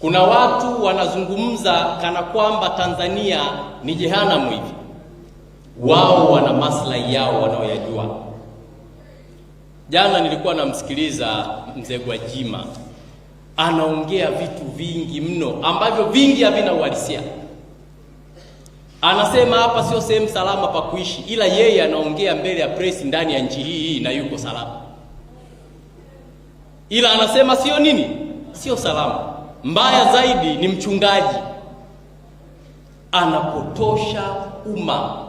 Kuna watu wanazungumza kana kwamba Tanzania ni jehanamu hivi. Wao wana maslahi yao wanaoyajua. Jana nilikuwa namsikiliza mzee Gwajima anaongea vitu vingi mno ambavyo vingi havina uhalisia. Anasema hapa sio sehemu salama pa kuishi, ila yeye anaongea mbele ya press ndani ya nchi hii hii na yuko salama, ila anasema sio nini, sio salama. Mbaya zaidi ni mchungaji anapotosha umma,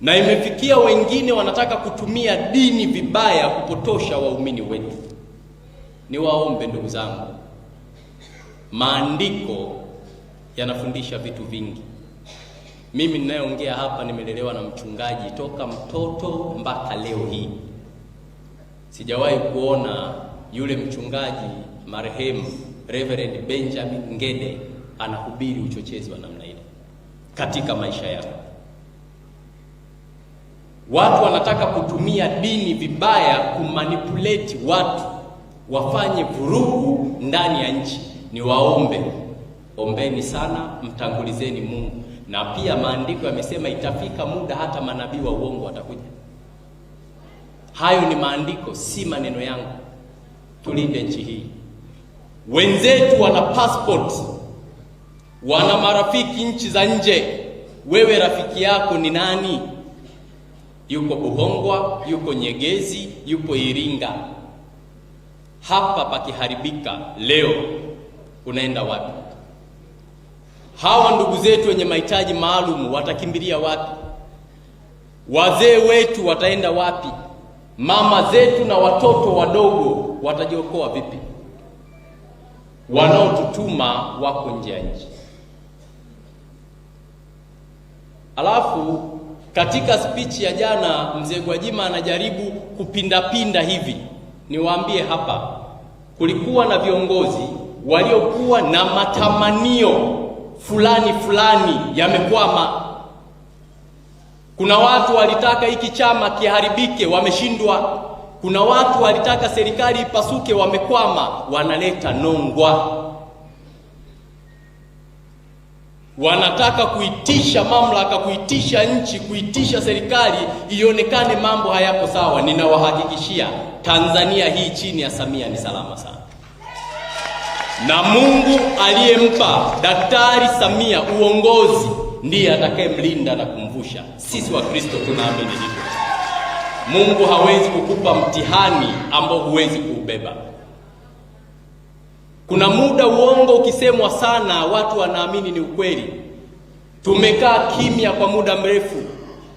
na imefikia wengine wanataka kutumia dini vibaya kupotosha waumini wetu. Niwaombe ndugu zangu, maandiko yanafundisha vitu vingi. Mimi ninayeongea hapa nimelelewa na mchungaji toka mtoto mpaka leo hii, sijawahi kuona yule mchungaji marehemu Reverend Benjamin Ngede anahubiri uchochezi wa namna ile katika maisha yao. Watu wanataka kutumia dini vibaya kumanipulate watu wafanye vurugu ndani ya nchi. Ni waombe ombeni sana, mtangulizeni Mungu, na pia maandiko yamesema itafika muda hata manabii wa uongo watakuja. Hayo ni maandiko, si maneno yangu. Tulinde nchi hii. Wenzetu wana passport, wana marafiki nchi za nje. Wewe rafiki yako ni nani? Yuko Buhongwa, yuko Nyegezi, yuko Iringa. Hapa pakiharibika leo, unaenda wapi? Hawa ndugu zetu wenye mahitaji maalum watakimbilia wapi? Wazee wetu wataenda wapi? Mama zetu na watoto wadogo watajiokoa vipi? wanaotutuma wako nje ya nchi. Alafu katika spichi ya jana mzee Gwajima anajaribu kupindapinda hivi. Niwaambie hapa, kulikuwa na viongozi waliokuwa na matamanio fulani fulani yamekwama. Kuna watu walitaka hiki chama kiharibike, wameshindwa. Kuna watu walitaka serikali ipasuke, wamekwama, wanaleta nongwa, wanataka kuitisha mamlaka, kuitisha nchi, kuitisha serikali ionekane mambo hayako sawa. Ninawahakikishia Tanzania hii chini ya Samia ni salama sana, na Mungu aliyempa Daktari Samia uongozi ndiye atakayemlinda na kumvusha. Sisi Wakristo tunaamini hivyo. Mungu hawezi kukupa mtihani ambao huwezi kuubeba. Kuna muda uongo ukisemwa sana, watu wanaamini ni ukweli. Tumekaa kimya kwa muda mrefu,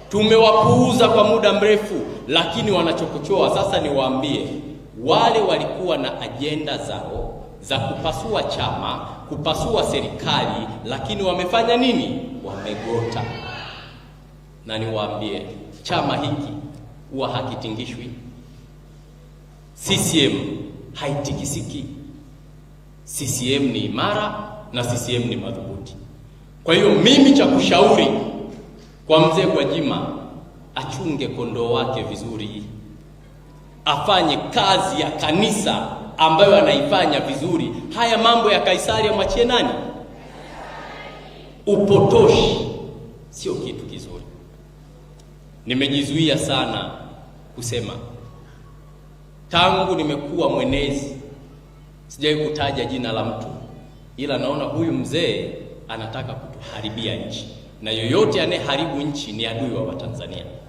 tumewapuuza kwa muda mrefu, lakini wanachokochoa sasa. Niwaambie, wale walikuwa na ajenda zao za kupasua chama, kupasua serikali, lakini wamefanya nini? Wamegota. Na niwaambie, chama hiki huwa hakitingishwi. CCM haitikisiki. CCM ni imara na CCM ni madhubuti. Kwa hiyo mimi cha kushauri kwa mzee Gwajima, achunge kondoo wake vizuri, afanye kazi ya kanisa ambayo anaifanya vizuri. Haya mambo ya Kaisari amwachie nani? Upotoshi sio kitu kizuri nimejizuia sana kusema. Tangu nimekuwa mwenezi, sijawahi kutaja jina la mtu, ila naona huyu mzee anataka kutuharibia nchi, na yoyote anayeharibu nchi ni adui wa Watanzania.